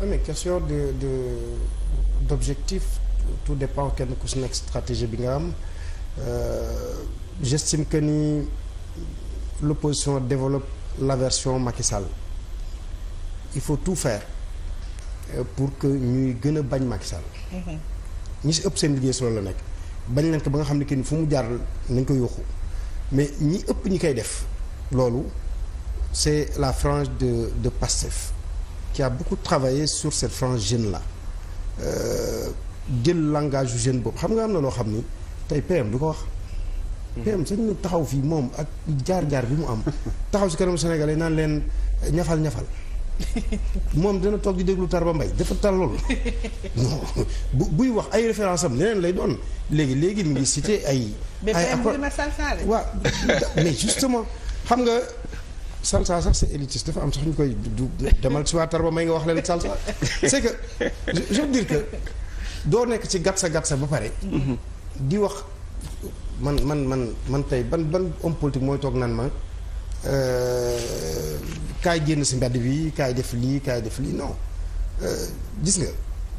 oui mais question de de d' objectif tout dépend kenn ku si nekk stratégie bi nga am euh, j' estime que ni l' opposition développe la version Macky il faut tout faire euh, pour que ñuy gën a bañ Macky Sall. Mm-hmm. ñi si ëpp seen liggéey si loolu la nekk bañ nañ ko ba nga xam ne que ni fu mu jaar nañ ko yuuxu mais ñi ëpp ñi koy def loolu c' la frange de de Pastef. qui ko beaucoup travaillé sur cette frange jeune là euh, jël langage yu jeune boobu xam nga am na loo xam ni tey PM du ko wax. PM sañ na taxaw fii moom ak jaar-jaar bi mu am taxaw si kanamu Sénégal yi naan leen ñafal ñafal. moom dana toog di déglu Tarba Mbaye dafa tal loolu bu buy wax ay référence am leneen lay doon léegi léegi mi ngi cité ay. ay accord mais PM waaw mais justement xam nga. salsa sax c'est élitiste dafa am sax ñu koy du demal si waa tarba may nga wax leen salsa c'est que je veux dire que doo nekk ci gatsa gatsa ba pare di wax man man man man tey ban ban homme politique mooy toog nan ma euh, kaay génn si mbedd bi kaay def lii kaay def lii non euh, gis nga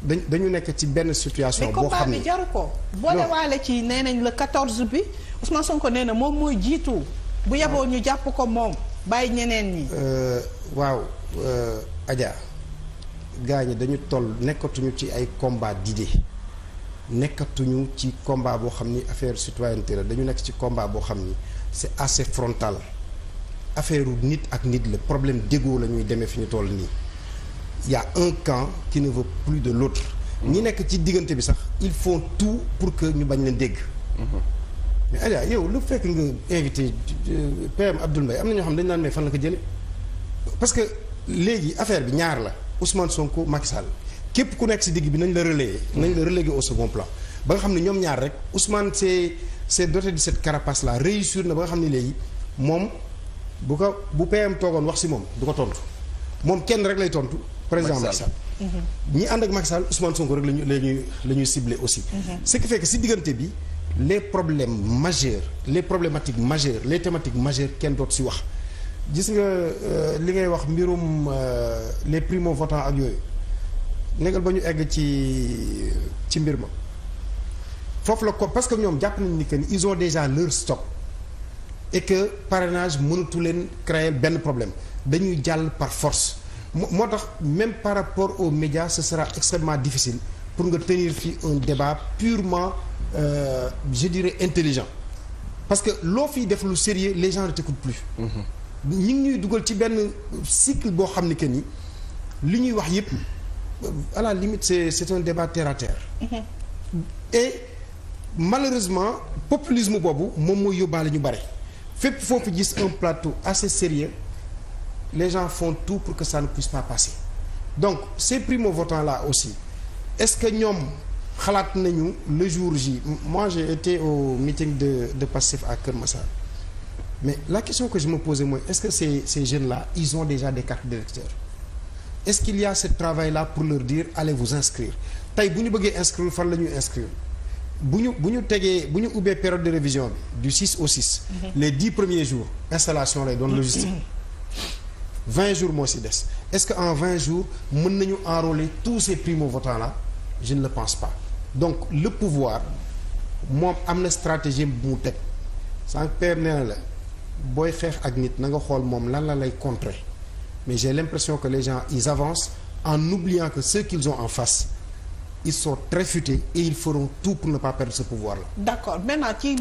dañ dañu nekk ci benn situation boo xam ne mais combat jaru ko boole waale ci nee nañ le 14 bi Ousmane ko nee na moom mooy jiitu bu yeboo ñu jàpp ko moom bàyyi ñeneen ñi. Euh, waaw euh, Adja gaa ñi dañu toll nekkatuñu ci ay combat d'idées nekkatuñu ci combat boo xam ni affaire citoyenneté la dañu nekk ci combat boo xam ni c'est assez frontal affaire nit ak nit la problème d'ego la ñuy demee fi ñu toll nii y un camp qui ne veut plus de l'autre ñi nekk ci diggante bi sax il faut tout pour que ñu bañ leen dégg. Mm-hmm. mais Adja yow lu fekk nga invité euh, PM Abdoul Mbaye am na ñoo xam ne dañu naan mais fan la ko jëlee parce que léegi affaire bi ñaar la Ousmane Sonko Macky Sall képp ku nekk si digg bi nañ la relégué. nañ la relégué au second plan ba nga xam ne ñoom ñaar rek Ousmane c'est c'est doté de cette carapace là réussir na ba nga xam ne léegi moom bu ko bu PM toogoon wax si moom du ko tontu moom kenn rek lay tontu. président Macky Sall ñi ànd ak Macky Sall Ousmane rek la ñuy la ñuy la ñuy ciblé aussi. si mhm. diggante bi. les problème majeurs les problématiques majeures les thématique majeures kenn doot si wax gis nga euh, li ngay wax mbirum euh, les primo votants ak yooyu négal ba ñu egg ci ci mbir ma foofu la ko parce que ñoom jàpp nañ ni que ils ont déjà leur stock et que parrainage mënatu leen créer benn problème dañuy jàll par force moo tax même par rapport au médias ce sera extrêmement difficile pour nga tenir fi un débat purement euh, je dirais intelligent parce que loo fiy def lu sérieux les gens ne t'écoutent plus ñi ngi ñuy dugal ci benn cycle boo xam ne que ni li ñuy wax yépp à la limite c'est c'est un débat terre à terre mm-hmm. et malheureusement populisme boobu moom mooy yóbbaale ñu bare fépp foo fi gis un plateau assez sérieux les gens font tout pour que ça ne puisse pas passer donc ces primo-votants là aussi est-ce que ñoom xalaat nañu le jour ji moi j'ai été au meeting de de Pastef à Kër Massar mais la question que je me posais mooy est-ce que ces ces jeunes là ils ont déjà des cartes d'électeurs est-ce qu'il y a ce travail là pour leur dire allez vous inscrire tey bu ñu bëggee inscrire fan la ñuy inscrire bu ñu bu ñu tegee bu ñu ubbee période de révision bi du 6 au 6. Mhm. les 10 premiers jours installation lay doon logistique. 20 mhm. jours moo si des est-ce que en 20 jours mën nañu enrôler tous ces primo-votants là le pense pas. donc le pouvoir moom am na stratégie bu mu teg sànq père nee la booy xeex ak nit na nga xool moom lan la lay contrer mais j'ai l'impression que les gens ils avance en oubliant que ceux qu'ils ont en face ils sont très futés et ils feront tout pour ne pas perdre ce pouvoir là.